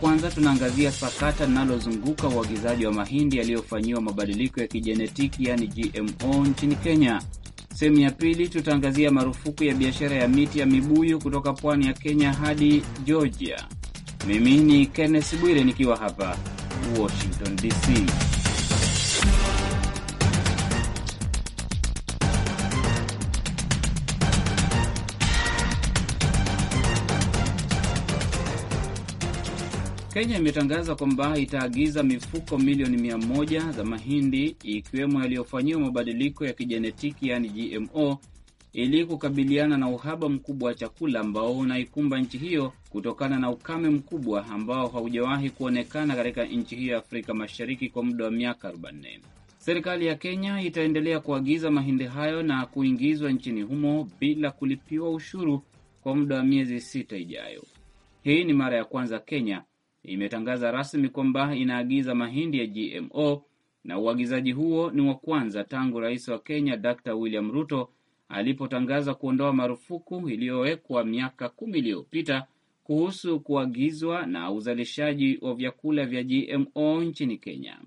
kwanza tunaangazia sakata linalozunguka uagizaji wa mahindi yaliyofanyiwa mabadiliko ya kijenetiki yaani GMO nchini Kenya. Sehemu ya pili tutaangazia marufuku ya biashara ya miti ya mibuyu kutoka pwani ya Kenya hadi Georgia. Mimi ni Kenneth Bwire nikiwa hapa Washington DC. Kenya imetangaza kwamba itaagiza mifuko milioni mia moja za mahindi ikiwemo yaliyofanyiwa mabadiliko ya kijenetiki yaani GMO ili kukabiliana na uhaba mkubwa wa chakula ambao unaikumba nchi hiyo kutokana na ukame mkubwa ambao haujawahi kuonekana katika nchi hiyo ya Afrika Mashariki kwa muda wa miaka 40. Serikali ya Kenya itaendelea kuagiza mahindi hayo na kuingizwa nchini humo bila kulipiwa ushuru kwa muda wa miezi sita ijayo. Hii ni mara ya kwanza Kenya imetangaza rasmi kwamba inaagiza mahindi ya GMO na uagizaji huo ni wa kwanza tangu rais wa Kenya Dr William Ruto alipotangaza kuondoa marufuku iliyowekwa miaka kumi iliyopita kuhusu kuagizwa na uzalishaji wa vyakula vya GMO nchini Kenya.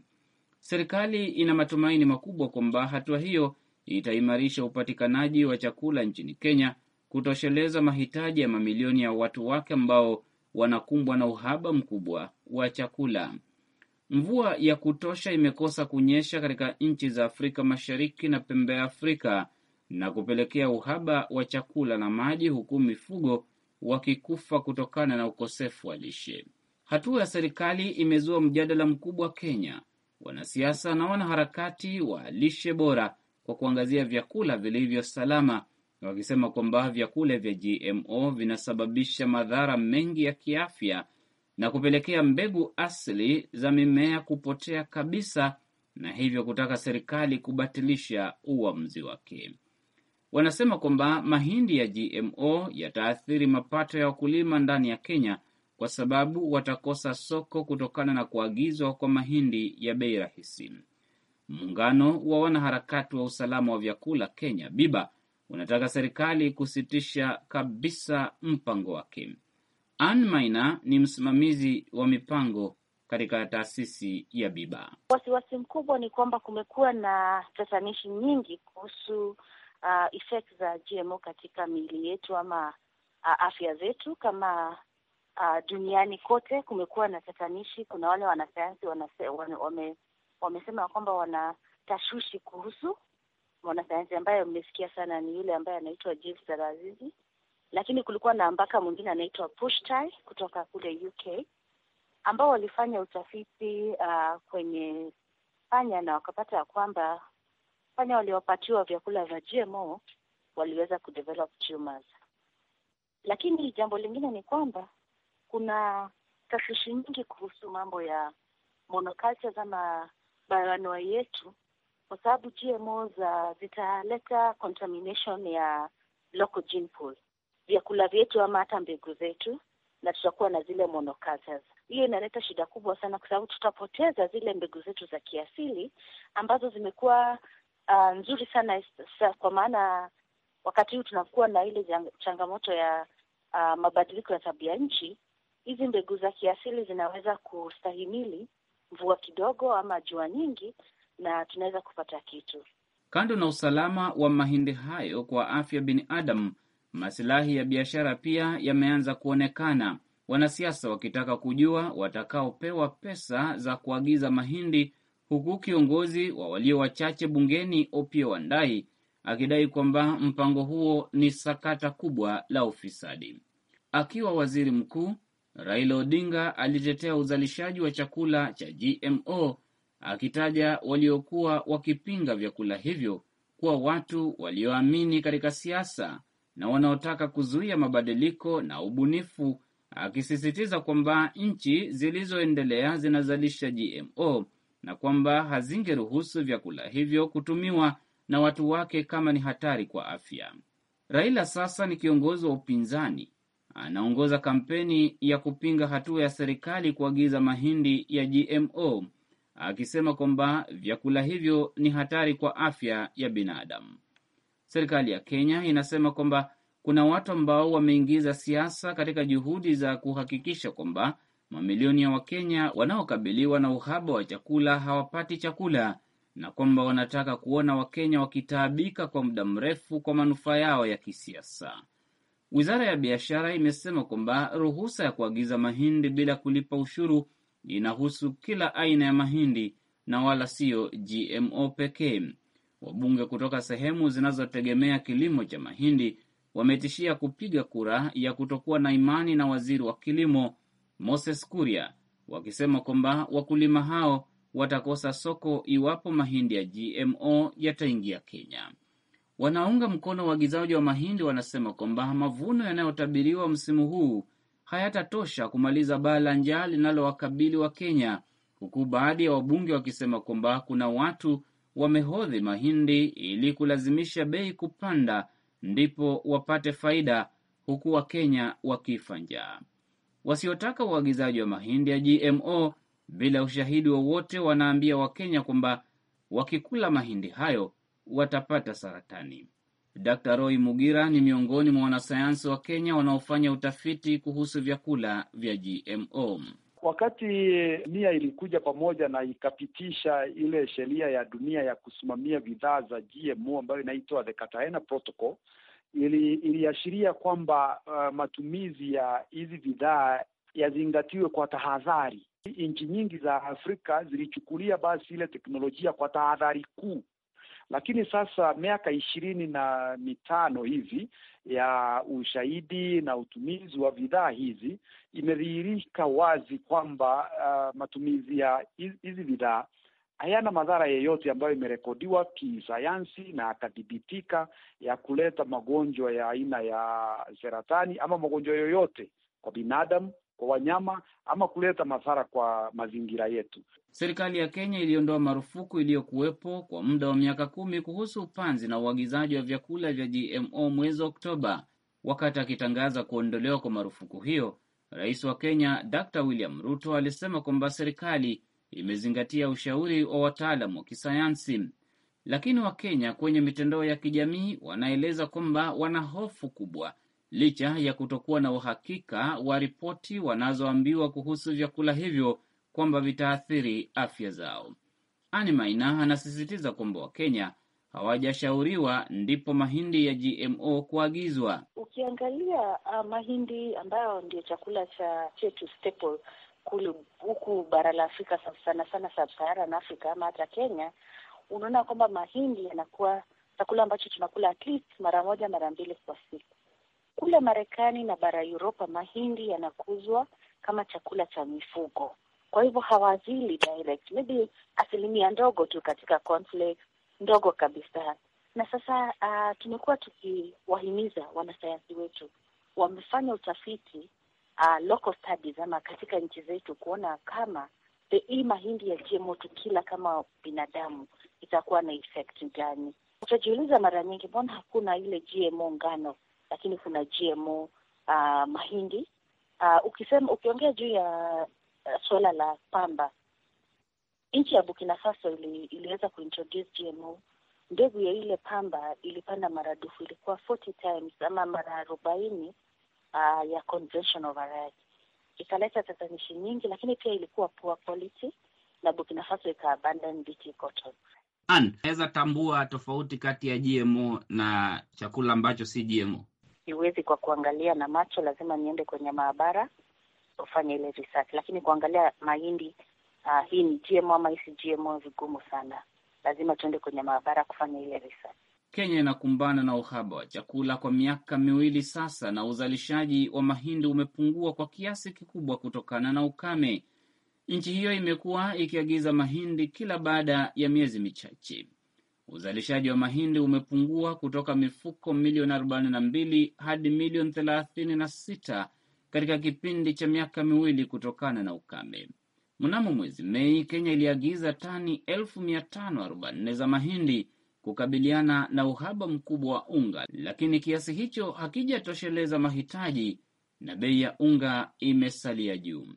Serikali ina matumaini makubwa kwamba hatua hiyo itaimarisha upatikanaji wa chakula nchini Kenya, kutosheleza mahitaji ya mamilioni ya watu wake ambao wanakumbwa na uhaba mkubwa wa chakula. Mvua ya kutosha imekosa kunyesha katika nchi za Afrika Mashariki na pembe ya Afrika na kupelekea uhaba wa chakula na maji, huku mifugo wakikufa kutokana na ukosefu wa lishe. Hatua ya serikali imezua mjadala mkubwa Kenya, wanasiasa na wanaharakati wa lishe bora kwa kuangazia vyakula vilivyo salama wakisema kwamba vyakula vya GMO vinasababisha madhara mengi ya kiafya na kupelekea mbegu asili za mimea kupotea kabisa na hivyo kutaka serikali kubatilisha uamuzi wake. Wanasema kwamba mahindi ya GMO yataathiri mapato ya wakulima ndani ya Kenya kwa sababu watakosa soko kutokana na kuagizwa kwa mahindi ya bei rahisi. Muungano wa wanaharakati wa usalama wa vyakula Kenya, Biba, unataka serikali kusitisha kabisa mpango wake. Ann Maina ni msimamizi wa mipango katika taasisi ya Biba. Wasiwasi mkubwa ni kwamba kumekuwa na tatanishi nyingi kuhusu uh, za GMO katika miili yetu ama uh, afya zetu kama uh, duniani kote kumekuwa na tatanishi. Kuna wale wanasayansi wamesema wame, wame kwamba wana tashushi kuhusu mwanasayansi ambaye mmesikia sana ni yule ambaye anaitwa James Sarazizi, lakini kulikuwa na mbaka mwingine anaitwa Pushtai kutoka kule UK ambao walifanya utafiti uh, kwenye panya na wakapata ya kwamba panya waliopatiwa vyakula vya GMO waliweza kudevelop tumors. Lakini jambo lingine ni kwamba kuna tafishi nyingi kuhusu mambo ya monocultures ama baranoi yetu kwa sababu GMO za zitaleta contamination ya local gene pool, vyakula vyetu ama hata mbegu zetu, na tutakuwa na zile monocultures. Hiyo inaleta shida kubwa sana, kwa sababu tutapoteza zile mbegu zetu za kiasili ambazo zimekuwa uh, nzuri sana sa, kwa maana wakati huu tunakuwa na ile changamoto ya uh, mabadiliko ya tabia nchi. Hizi mbegu za kiasili zinaweza kustahimili mvua kidogo ama jua nyingi, na tunaweza kupata kitu. Kando na usalama wa mahindi hayo kwa afya binadamu, masilahi ya biashara pia yameanza kuonekana, wanasiasa wakitaka kujua watakaopewa pesa za kuagiza mahindi, huku kiongozi wa walio wachache bungeni Opio Wandai akidai kwamba mpango huo ni sakata kubwa la ufisadi. Akiwa waziri mkuu, Raila Odinga alitetea uzalishaji wa chakula cha GMO akitaja waliokuwa wakipinga vyakula hivyo kuwa watu walioamini katika siasa na wanaotaka kuzuia mabadiliko na ubunifu, akisisitiza kwamba nchi zilizoendelea zinazalisha GMO na kwamba hazingeruhusu vyakula hivyo kutumiwa na watu wake kama ni hatari kwa afya. Raila sasa ni kiongozi wa upinzani, anaongoza kampeni ya kupinga hatua ya serikali kuagiza mahindi ya GMO akisema kwamba vyakula hivyo ni hatari kwa afya ya binadamu. Serikali ya Kenya inasema kwamba kuna watu ambao wameingiza siasa katika juhudi za kuhakikisha kwamba mamilioni ya Wakenya wanaokabiliwa na uhaba wa chakula hawapati chakula na kwamba wanataka kuona Wakenya wakitaabika kwa muda mrefu kwa manufaa yao ya kisiasa. Wizara ya biashara imesema kwamba ruhusa ya kuagiza mahindi bila kulipa ushuru inahusu kila aina ya mahindi na wala siyo GMO pekee. Wabunge kutoka sehemu zinazotegemea kilimo cha mahindi wametishia kupiga kura ya kutokuwa na imani na waziri wa kilimo Moses Kuria, wakisema kwamba wakulima hao watakosa soko iwapo mahindi ya GMO yataingia Kenya. Wanaunga mkono waagizaji wa mahindi wanasema kwamba mavuno yanayotabiriwa msimu huu hayatatosha kumaliza baa la njaa linalowakabili kenya huku baadhi ya wabunge wakisema kwamba kuna watu wamehodhi mahindi ili kulazimisha bei kupanda ndipo wapate faida, huku Wakenya wakifa njaa. Wasiotaka uagizaji wa mahindi ya GMO bila ushahidi wowote wa wanaambia Wakenya kwamba wakikula mahindi hayo watapata saratani. Dr. Roy Mugira ni miongoni mwa wanasayansi wa Kenya wanaofanya utafiti kuhusu vyakula vya GMO. Wakati dunia eh, ilikuja pamoja na ikapitisha ile sheria ya dunia ya kusimamia bidhaa za GMO ambayo inaitwa the Cartagena Protocol, ili, iliashiria kwamba uh, matumizi ya hizi bidhaa yazingatiwe kwa tahadhari. Nchi nyingi za Afrika zilichukulia basi ile teknolojia kwa tahadhari kuu, lakini sasa miaka ishirini na mitano hivi ya ushahidi na utumizi wa bidhaa hizi imedhihirika wazi kwamba uh, matumizi ya hizi bidhaa hayana madhara yeyote ambayo imerekodiwa kisayansi na akadhibitika ya kuleta magonjwa ya aina ya seratani ama magonjwa yoyote kwa binadamu kwa wanyama ama kuleta madhara kwa mazingira yetu. Serikali ya Kenya iliondoa marufuku iliyokuwepo kwa muda wa miaka kumi kuhusu upanzi na uagizaji wa vyakula vya GMO mwezi Oktoba. Wakati akitangaza kuondolewa kwa marufuku hiyo, rais wa Kenya Dr. William Ruto alisema kwamba serikali imezingatia ushauri wa wataalam wa kisayansi. Lakini Wakenya kwenye mitandao ya kijamii wanaeleza kwamba wana hofu kubwa licha ya kutokuwa na uhakika wa ripoti wanazoambiwa kuhusu vyakula hivyo kwamba vitaathiri afya zao. Ani Maina anasisitiza kwamba Wakenya hawajashauriwa ndipo mahindi ya GMO kuagizwa. Ukiangalia uh, mahindi ambayo ndio chakula cha chetu staple kule huku bara la Afrika sana sana sub na Afrika ama hata Kenya, unaona kwamba mahindi yanakuwa chakula ambacho tunakula at least mara moja mara mbili kwa siku kule Marekani na bara Uropa mahindi yanakuzwa kama chakula cha mifugo, kwa hivyo hawazili direct, maybe asilimia ndogo tu katika conflict, ndogo kabisa. Na sasa uh, tumekuwa tukiwahimiza wanasayansi wetu, wamefanya utafiti uh, local studies ama katika nchi zetu kuona kama hii mahindi ya GMO tukila kama binadamu itakuwa na effect gani. Utajiuliza mara nyingi, mbona hakuna ile GMO ngano lakini kuna GMO uh, mahindi uh, ukisema ukiongea juu ya uh, suala la pamba, nchi ya Burkina Faso ili, iliweza kuintroduce GMO. Mbegu ya ile pamba ilipanda maradufu, ilikuwa 40 times ama mara arobaini uh, ya conventional variety, ikaleta tatanishi nyingi, lakini pia ilikuwa poor quality na Burkina Faso ikaabandan BT cotton. Naweza tambua tofauti kati ya GMO na chakula ambacho si GMO? siwezi kwa kuangalia na macho, lazima niende kwenye maabara kufanya ile research, lakini kuangalia mahindi uh, hii ni GMO ama hii si GMO vigumu sana, lazima tuende kwenye maabara kufanya ile research. Kenya inakumbana na uhaba wa chakula kwa miaka miwili sasa, na uzalishaji wa mahindi umepungua kwa kiasi kikubwa kutokana na ukame. Nchi hiyo imekuwa ikiagiza mahindi kila baada ya miezi michache. Uzalishaji wa mahindi umepungua kutoka mifuko milioni 42 hadi milioni 36 katika kipindi cha miaka miwili kutokana na ukame. Mnamo mwezi Mei, Kenya iliagiza tani 1544 za mahindi kukabiliana na uhaba mkubwa wa unga, lakini kiasi hicho hakijatosheleza mahitaji na bei ya unga imesalia juu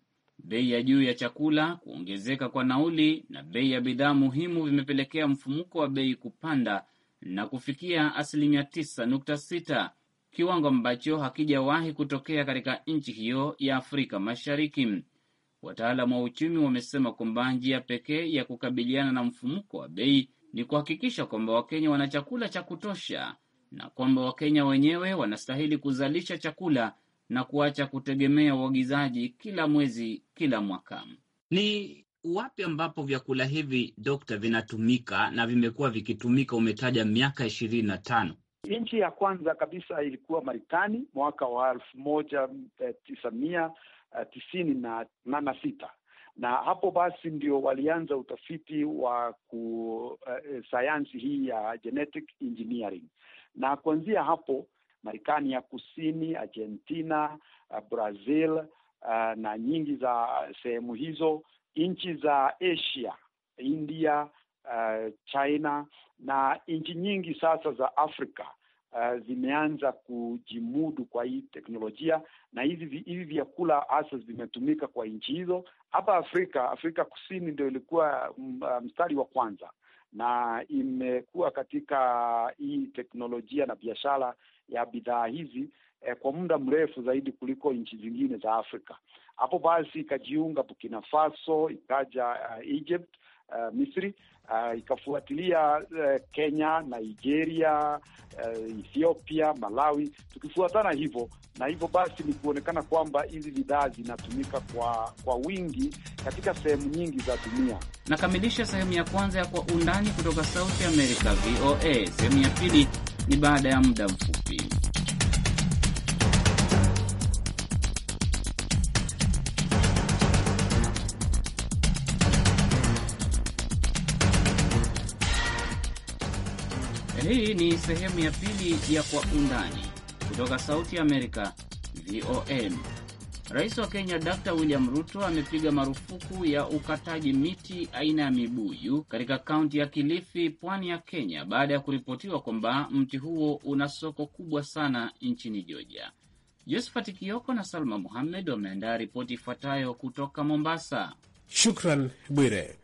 bei ya juu ya chakula, kuongezeka kwa nauli na bei ya bidhaa muhimu vimepelekea mfumuko wa bei kupanda na kufikia asilimia 9.6, kiwango ambacho hakijawahi kutokea katika nchi hiyo ya Afrika Mashariki. Wataalamu wa uchumi wamesema kwamba njia pekee ya kukabiliana na mfumuko wa bei ni kuhakikisha kwamba Wakenya wana chakula cha kutosha na kwamba Wakenya wenyewe wanastahili kuzalisha chakula na kuacha kutegemea uagizaji kila mwezi kila mwaka. Ni wapi ambapo vyakula hivi dokta, vinatumika na vimekuwa vikitumika? Umetaja miaka ishirini na tano. Nchi ya kwanza kabisa ilikuwa Marekani mwaka wa elfu moja eh, tisa mia eh, tisini na, na sita na hapo basi ndio walianza utafiti wa ku, uh, sayansi hii ya genetic engineering na kuanzia hapo Marekani ya Kusini, Argentina, uh, Brazil uh, na nyingi za sehemu hizo, nchi za Asia, India, uh, China na nchi nyingi sasa za Afrika Uh, zimeanza kujimudu kwa hii teknolojia na hivi hivi vyakula hasa vimetumika kwa nchi hizo. Hapa Afrika, Afrika Kusini ndio ilikuwa mm, mstari wa kwanza na imekuwa katika hii teknolojia na biashara ya bidhaa hizi eh, kwa muda mrefu zaidi kuliko nchi zingine za Afrika. Hapo basi ikajiunga Burkina Faso, ikaja uh, Egypt Uh, Misri uh, ikafuatilia uh, Kenya, Nigeria, uh, Ethiopia, Malawi, tukifuatana hivyo na hivyo basi ni kuonekana kwamba hizi bidhaa zinatumika kwa kwa wingi katika sehemu nyingi za dunia. Nakamilisha sehemu ya kwanza ya Kwa Undani kutoka Sauti Amerika, VOA. Sehemu ya pili ni baada ya muda mfupi. Hii ni sehemu ya pili ya Kwa Undani kutoka Sauti ya Amerika, VOM. Rais wa Kenya Dr William Ruto amepiga marufuku ya ukataji miti aina ya mibuyu katika kaunti ya Kilifi, pwani ya Kenya, baada ya kuripotiwa kwamba mti huo una soko kubwa sana nchini Georgia. Josephat Kioko na Salma Muhammed wameandaa ripoti ifuatayo kutoka Mombasa. Shukran Bwire.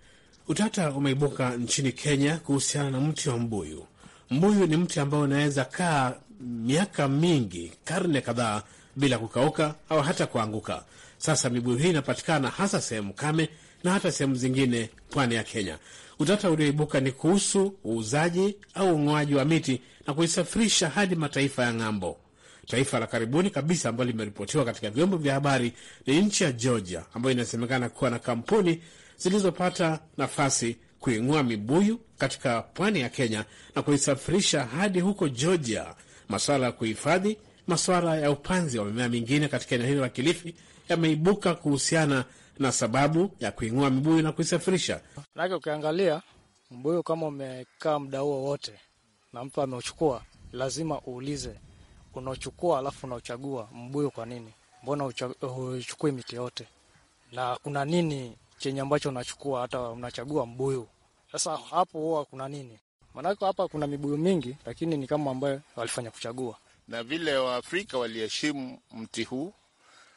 Utata umeibuka nchini Kenya kuhusiana na mti wa mbuyu. Mbuyu ni mti ambao unaweza kaa miaka mingi, karne kadhaa bila kukauka au hata kuanguka. Sasa mibuyu hii inapatikana hasa sehemu kame na hata sehemu zingine pwani ya Kenya. Utata ulioibuka ni kuhusu uuzaji au ung'oaji wa miti na kuisafirisha hadi mataifa ya ng'ambo. Taifa la karibuni kabisa ambalo limeripotiwa katika vyombo vya habari ni nchi ya Georgia, ambayo inasemekana kuwa na kampuni zilizopata nafasi kuingua mibuyu katika pwani ya Kenya na kuisafirisha hadi huko Georgia. Masuala ya kuhifadhi masuala ya upanzi wa mimea mingine katika eneo hilo la Kilifi yameibuka kuhusiana na sababu ya kuing'ua mibuyu na kuisafirisha. Manake ukiangalia mbuyu kama umekaa muda huo wote na mtu ameuchukua, lazima uulize unaochukua, alafu unauchagua mbuyu kwa nini? Mbona huchukui miti yote? Na kuna nini chenye ambacho unachukua hata unachagua mbuyu? Sasa hapo huwa kuna nini? Manake hapa kuna mibuyu mingi, lakini ni kama ambayo walifanya kuchagua na vile Waafrika waliheshimu mti huu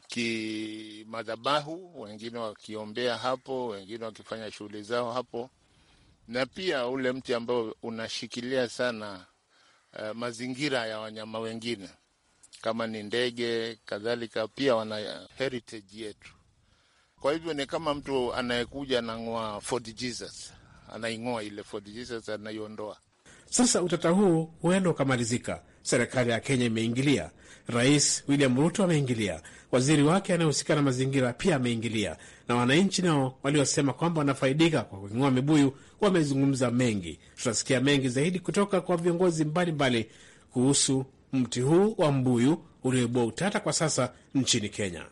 kimadhabahu, wengine wakiombea hapo, wengine wakifanya shughuli zao hapo, na pia ule mti ambao unashikilia sana uh, mazingira ya wanyama wengine kama ni ndege kadhalika, pia wana heritage yetu. Kwa hivyo ni kama mtu anayekuja anang'oa Fort Jesus, anaing'oa ile Fort Jesus, anaiondoa. Sasa utata huu huenda ukamalizika serikali ya Kenya imeingilia. Rais William Ruto ameingilia, waziri wake anayehusika na mazingira pia ameingilia, na wananchi nao waliosema kwamba wanafaidika kwa kuing'oa mibuyu wamezungumza mengi. Tutasikia mengi zaidi kutoka kwa viongozi mbalimbali kuhusu mti huu wa mbuyu ulioibua utata kwa sasa nchini Kenya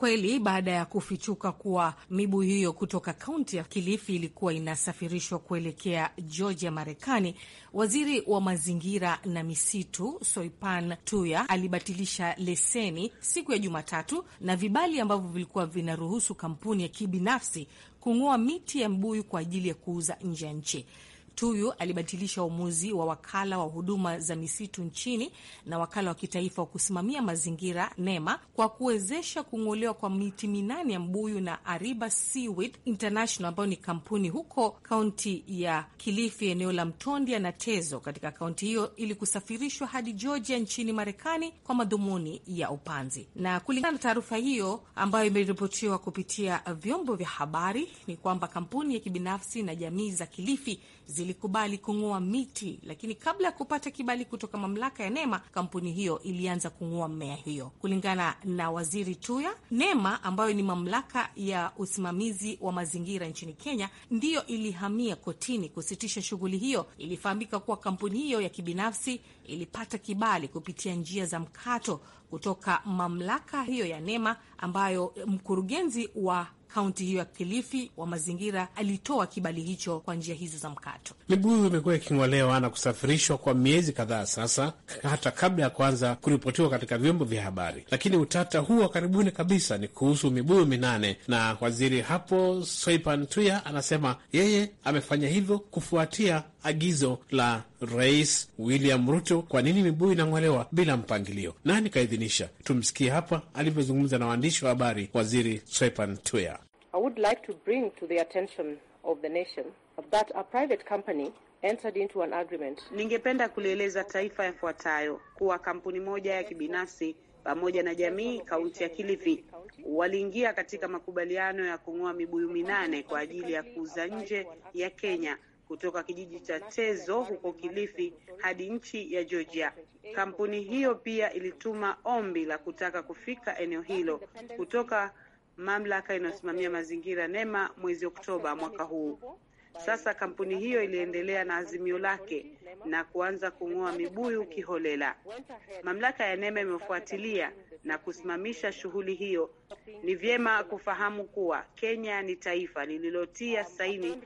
kweli baada ya kufichuka kuwa mibuyu hiyo kutoka kaunti ya Kilifi ilikuwa inasafirishwa kuelekea Georgia, Marekani, waziri wa mazingira na misitu Soipan Tuya alibatilisha leseni siku ya Jumatatu na vibali ambavyo vilikuwa vinaruhusu kampuni ya kibinafsi kung'oa miti ya mbuyu kwa ajili ya kuuza nje ya nchi. Tuyu alibatilisha uamuzi wa wakala wa huduma za misitu nchini na wakala wa kitaifa wa kusimamia mazingira NEMA kwa kuwezesha kung'olewa kwa miti minane ya mbuyu na Ariba Seaweed International ambayo ni kampuni huko kaunti ya Kilifi, eneo la Mtondia na Tezo katika kaunti hiyo, ili kusafirishwa hadi Georgia nchini Marekani kwa madhumuni ya upanzi. Na kulingana na taarifa hiyo ambayo imeripotiwa kupitia vyombo vya habari, ni kwamba kampuni ya kibinafsi na jamii za Kilifi zilikubali kung'oa miti, lakini kabla ya kupata kibali kutoka mamlaka ya NEMA, kampuni hiyo ilianza kung'oa mmea hiyo. Kulingana na waziri Tuya, NEMA ambayo ni mamlaka ya usimamizi wa mazingira nchini Kenya ndiyo ilihamia kotini kusitisha shughuli hiyo. Ilifahamika kuwa kampuni hiyo ya kibinafsi ilipata kibali kupitia njia za mkato kutoka mamlaka hiyo ya NEMA ambayo mkurugenzi wa kaunti hiyo ya Kilifi wa mazingira alitoa kibali hicho kwa njia hizo za mkato. Mibuyu imekuwa iking'olewa na kusafirishwa kwa miezi kadhaa sasa, hata kabla ya kuanza kuripotiwa katika vyombo vya habari. Lakini utata huu wa karibuni kabisa ni kuhusu mibuyu minane, na waziri hapo Soipan Tuya anasema yeye amefanya hivyo kufuatia agizo la Rais William Ruto. Kwa nini mibuyu inang'olewa bila mpangilio? Nani kaidhinisha? Tumsikie hapa alivyozungumza na waandishi wa habari Waziri Swepan Tuya. I would like to bring to the attention of the nation that a private company entered into an agreement. Ningependa kulieleza taifa yafuatayo kuwa kampuni moja ya kibinafsi pamoja na jamii kaunti ya Kilifi waliingia katika makubaliano ya kung'oa mibuyu minane kwa ajili ya kuuza nje ya Kenya kutoka kijiji cha Tezo huko Kilifi hadi nchi ya Georgia. Kampuni hiyo pia ilituma ombi la kutaka kufika eneo hilo kutoka mamlaka inayosimamia mazingira NEMA mwezi Oktoba mwaka huu. Sasa kampuni hiyo iliendelea na azimio lake na kuanza kung'oa mibuyu kiholela. Mamlaka ya NEMA imefuatilia na kusimamisha shughuli hiyo. Ni vyema kufahamu kuwa Kenya ni taifa lililotia saini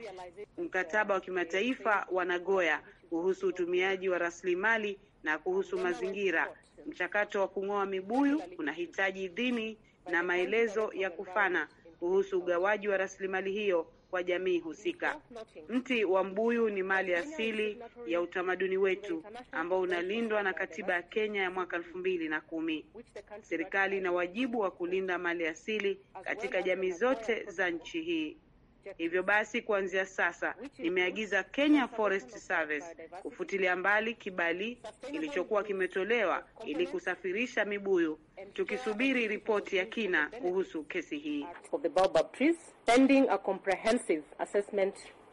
mkataba wa kimataifa wa Nagoya kuhusu utumiaji wa rasilimali na kuhusu mazingira. Mchakato wa kung'oa mibuyu unahitaji idhini na maelezo ya kufana kuhusu ugawaji wa rasilimali hiyo kwa jamii husika. Mti wa mbuyu ni mali asili ya utamaduni wetu ambao unalindwa na katiba ya Kenya ya mwaka elfu mbili na kumi. Serikali ina wajibu wa kulinda mali asili katika jamii zote za nchi hii. Hivyo basi, kuanzia sasa nimeagiza Kenya Forest Service kufutilia mbali kibali kilichokuwa kimetolewa ili kusafirisha mibuyu, tukisubiri ripoti ya kina kuhusu kesi hii.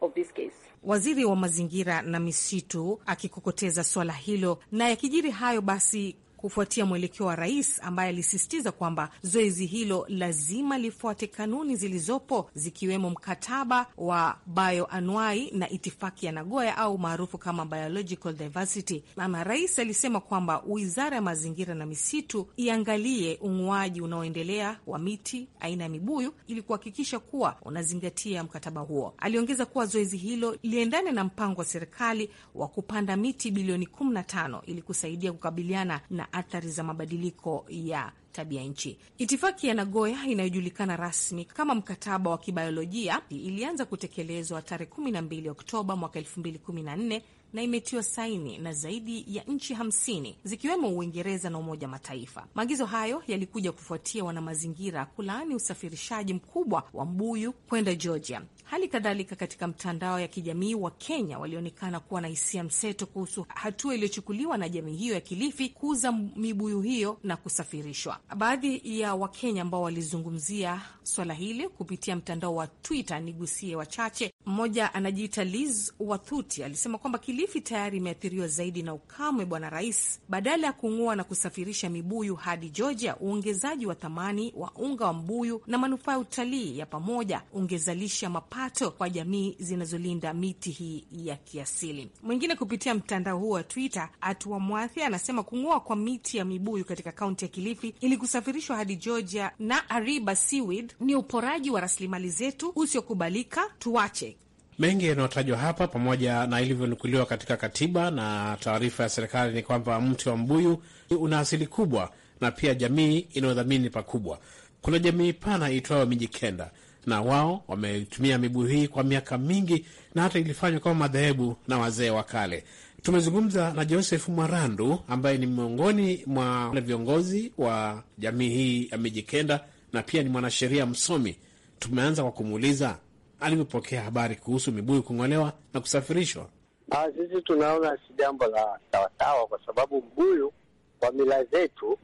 Of this case. Waziri wa mazingira na misitu akikokoteza swala hilo na yakijiri hayo basi kufuatia mwelekeo wa rais ambaye alisisitiza kwamba zoezi hilo lazima lifuate kanuni zilizopo zikiwemo mkataba wa bioanuai na itifaki ya Nagoya au maarufu kama biological diversity. Ama rais alisema kwamba wizara ya mazingira na misitu iangalie ung'uaji unaoendelea wa miti aina ya mibuyu ili kuhakikisha kuwa unazingatia mkataba huo. Aliongeza kuwa zoezi hilo liendane na mpango wa serikali wa kupanda miti bilioni 15 ili kusaidia kukabiliana na athari za mabadiliko ya tabia nchi. Itifaki ya Nagoya inayojulikana rasmi kama mkataba wa kibiolojia ilianza kutekelezwa tarehe 12 Oktoba mwaka 2014 na imetiwa saini na zaidi ya nchi hamsini zikiwemo Uingereza na Umoja Mataifa. Maagizo hayo yalikuja kufuatia wanamazingira kulaani usafirishaji mkubwa wa mbuyu kwenda Georgia Hali kadhalika katika mtandao ya kijamii wa Kenya walionekana kuwa na hisia mseto kuhusu hatua iliyochukuliwa na jamii hiyo ya Kilifi kuuza mibuyu hiyo na kusafirishwa. Baadhi ya Wakenya ambao walizungumzia swala hili kupitia mtandao wa Twitter, nigusie wachache. Mmoja anajiita Liz Wathuti alisema kwamba Kilifi tayari imeathiriwa zaidi na ukame, Bwana Rais, badala ya kung'oa na kusafirisha mibuyu hadi Georgia, uongezaji wa thamani wa unga wa mbuyu na manufaa ya utalii ya pamoja ungezalisha mapa mapato kwa jamii zinazolinda miti hii ya kiasili. Mwingine kupitia mtandao huo wa Twitter, Atua Mwathi anasema kung'oa kwa miti ya mibuyu katika kaunti ya Kilifi ili kusafirishwa hadi Georgia na Ariba Seaweed ni uporaji wa rasilimali zetu usiokubalika, tuache. Mengi yanayotajwa hapa pamoja na ilivyonukuliwa katika katiba na taarifa ya serikali ni kwamba mti wa mbuyu una asili kubwa na pia jamii inayodhamini pakubwa. Kuna jamii pana itwayo Mijikenda na wao wametumia mibuyu hii kwa miaka mingi, na hata ilifanywa kama madhehebu na wazee wa kale. Tumezungumza na Joseph Mwarandu ambaye ni miongoni mwa viongozi wa jamii hii ya Mijikenda na pia ni mwanasheria msomi. Tumeanza kwa kumuuliza alivyopokea habari kuhusu mibuyu kung'olewa na kusafirishwa. Ah, sisi tunaona si jambo la sawasawa, kwa sababu mbuyu kwa mila zetu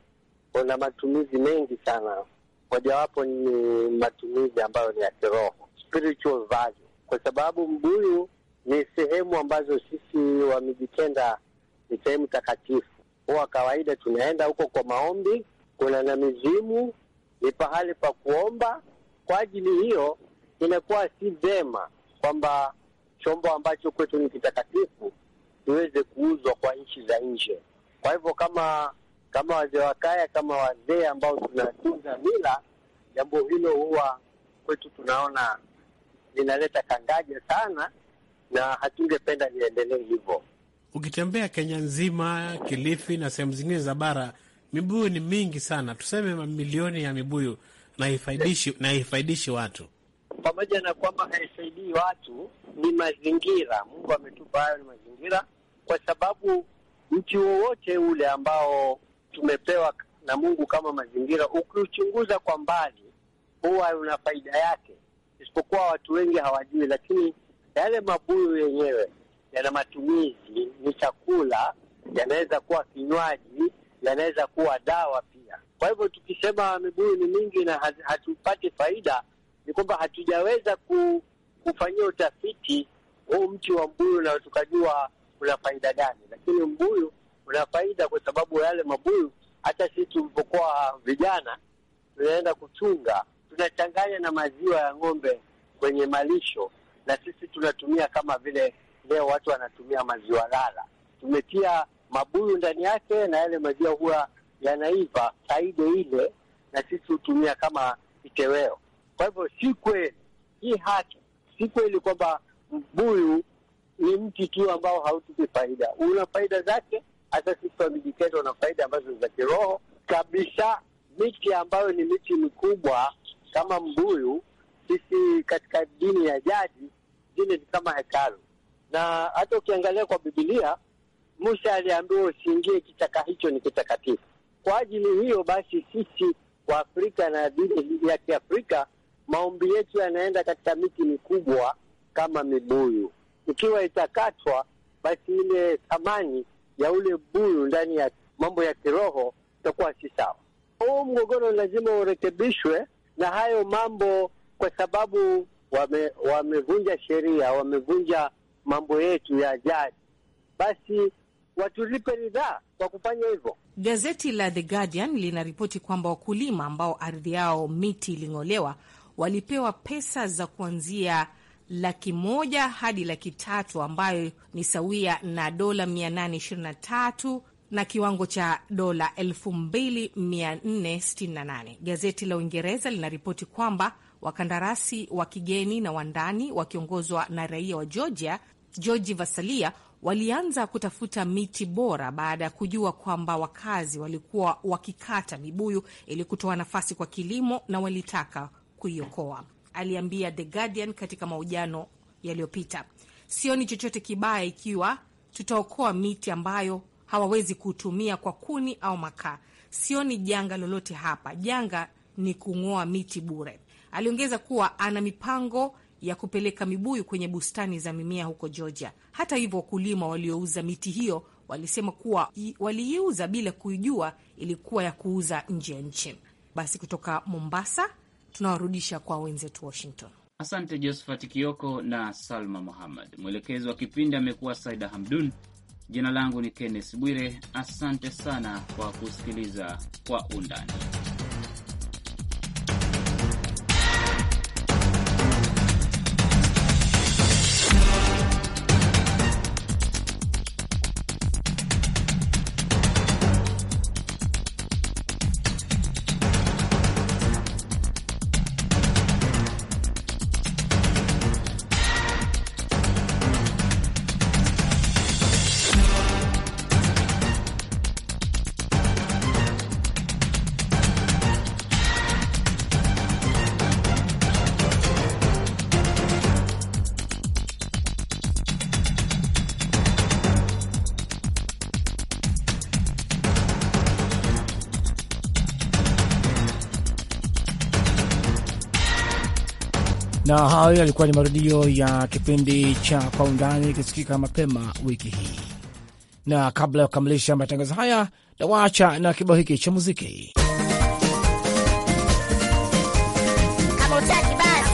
una matumizi mengi sana mojawapo ni matumizi ambayo ni ya kiroho, spiritual value, kwa sababu mbuyu ni sehemu ambazo sisi wamejitenda ni sehemu takatifu. Huwa kawaida tunaenda huko kwa maombi, kuna na mizimu, ni pahali pa kuomba. Kwa ajili hiyo, inakuwa si vema kwamba chombo ambacho kwetu ni kitakatifu kiweze kuuzwa kwa nchi za nje. Kwa hivyo kama kama wazee wa kaya, kama wazee ambao tunatunza mila, jambo hilo huwa kwetu tunaona linaleta kangaja sana, na hatungependa liendelee hivyo. Ukitembea Kenya nzima, Kilifi na sehemu zingine za bara, mibuyu ni mingi sana, tuseme mamilioni ya mibuyu, na haifaidishi na haifaidishi watu pamoja na kwamba haisaidii watu, ni mazingira. Mungu ametupa hayo, ni mazingira, kwa sababu mti wowote ule ambao tumepewa na Mungu kama mazingira, ukiuchunguza kwa mbali huwa una faida yake, isipokuwa watu wengi hawajui. Lakini yale mabuyu yenyewe yana matumizi, ni chakula, yanaweza kuwa kinywaji, yanaweza kuwa dawa pia. Kwa hivyo tukisema mibuyu ni mingi na hatupati faida, ni kwamba hatujaweza ku, kufanyia utafiti huu mti wa mbuyu na tukajua kuna faida gani, lakini mbuyu una faida kwa sababu yale mabuyu, hata sisi tulipokuwa vijana tunaenda kuchunga, tunachanganya na maziwa ya ng'ombe kwenye malisho, na sisi tunatumia kama vile leo watu wanatumia maziwa lala. Tumetia mabuyu ndani yake, na yale maziwa huwa yanaiva saido ile, na sisi hutumia kama kiteweo. Kwa hivyo si kweli hii haki, si kweli kwamba mbuyu ni mti tu ambao hautupi faida. Una faida zake, hata sisi wamijikenda na faida ambazo za kiroho kabisa. Miti ambayo ni miti mikubwa kama mbuyu, sisi katika dini ya jadi zile ni kama hekalu, na hata ukiangalia kwa Bibilia Musa aliambiwa usiingie kichaka, hicho ni kitakatifu. Kwa ajili hiyo basi sisi afrika na dini ya Kiafrika maombi yetu yanaenda katika miti mikubwa kama mibuyu. Ikiwa itakatwa, basi ile thamani ya ule buyu ndani ya mambo ya kiroho itakuwa si sawa. Huu mgogoro lazima urekebishwe na hayo mambo, kwa sababu wame, wamevunja sheria, wamevunja mambo yetu ya jadi, basi watulipe ridhaa kwa kufanya hivyo. Gazeti la The Guardian linaripoti kwamba wakulima ambao ardhi yao miti iling'olewa walipewa pesa za kuanzia laki moja hadi laki tatu ambayo ni sawia na dola 823 na kiwango cha dola 2468. Gazeti la Uingereza linaripoti kwamba wakandarasi wa kigeni na wandani wakiongozwa na raia wa Georgia Georgi Vasalia walianza kutafuta miti bora baada ya kujua kwamba wakazi walikuwa wakikata mibuyu ili kutoa nafasi kwa kilimo na walitaka kuiokoa aliambia The Guardian katika mahojiano yaliyopita. Sioni chochote kibaya ikiwa tutaokoa miti ambayo hawawezi kutumia kwa kuni au makaa. Sioni janga lolote hapa. Janga ni kung'oa miti bure. Aliongeza kuwa ana mipango ya kupeleka mibuyu kwenye bustani za mimea huko Georgia. Hata hivyo, wakulima waliouza miti hiyo walisema kuwa waliiuza bila kuijua ilikuwa ya kuuza nje ya nchi. Basi kutoka Mombasa, tunawarudisha kwa wenzetu Washington. Asante Josephat Kioko na Salma Muhammad. Mwelekezi wa kipindi amekuwa Saida Hamdun. Jina langu ni Kenneth Bwire. Asante sana kwa kusikiliza Kwa Undani. na hayo yalikuwa ni marudio ya kipindi cha Kwa Undani ikisikika mapema wiki hii, na kabla ya kukamilisha matangazo haya na waacha na kibao hiki cha muziki. Kama utaki basi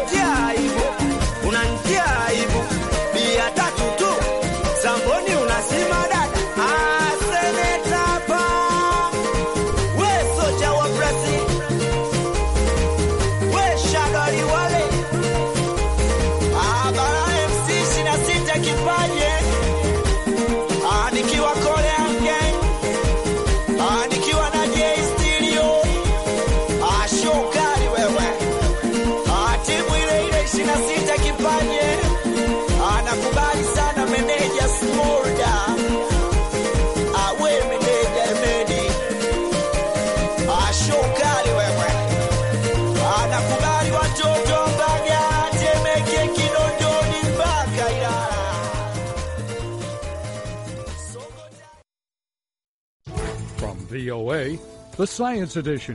unantia aibu, unantia aibu. KLOA, the Science Edition.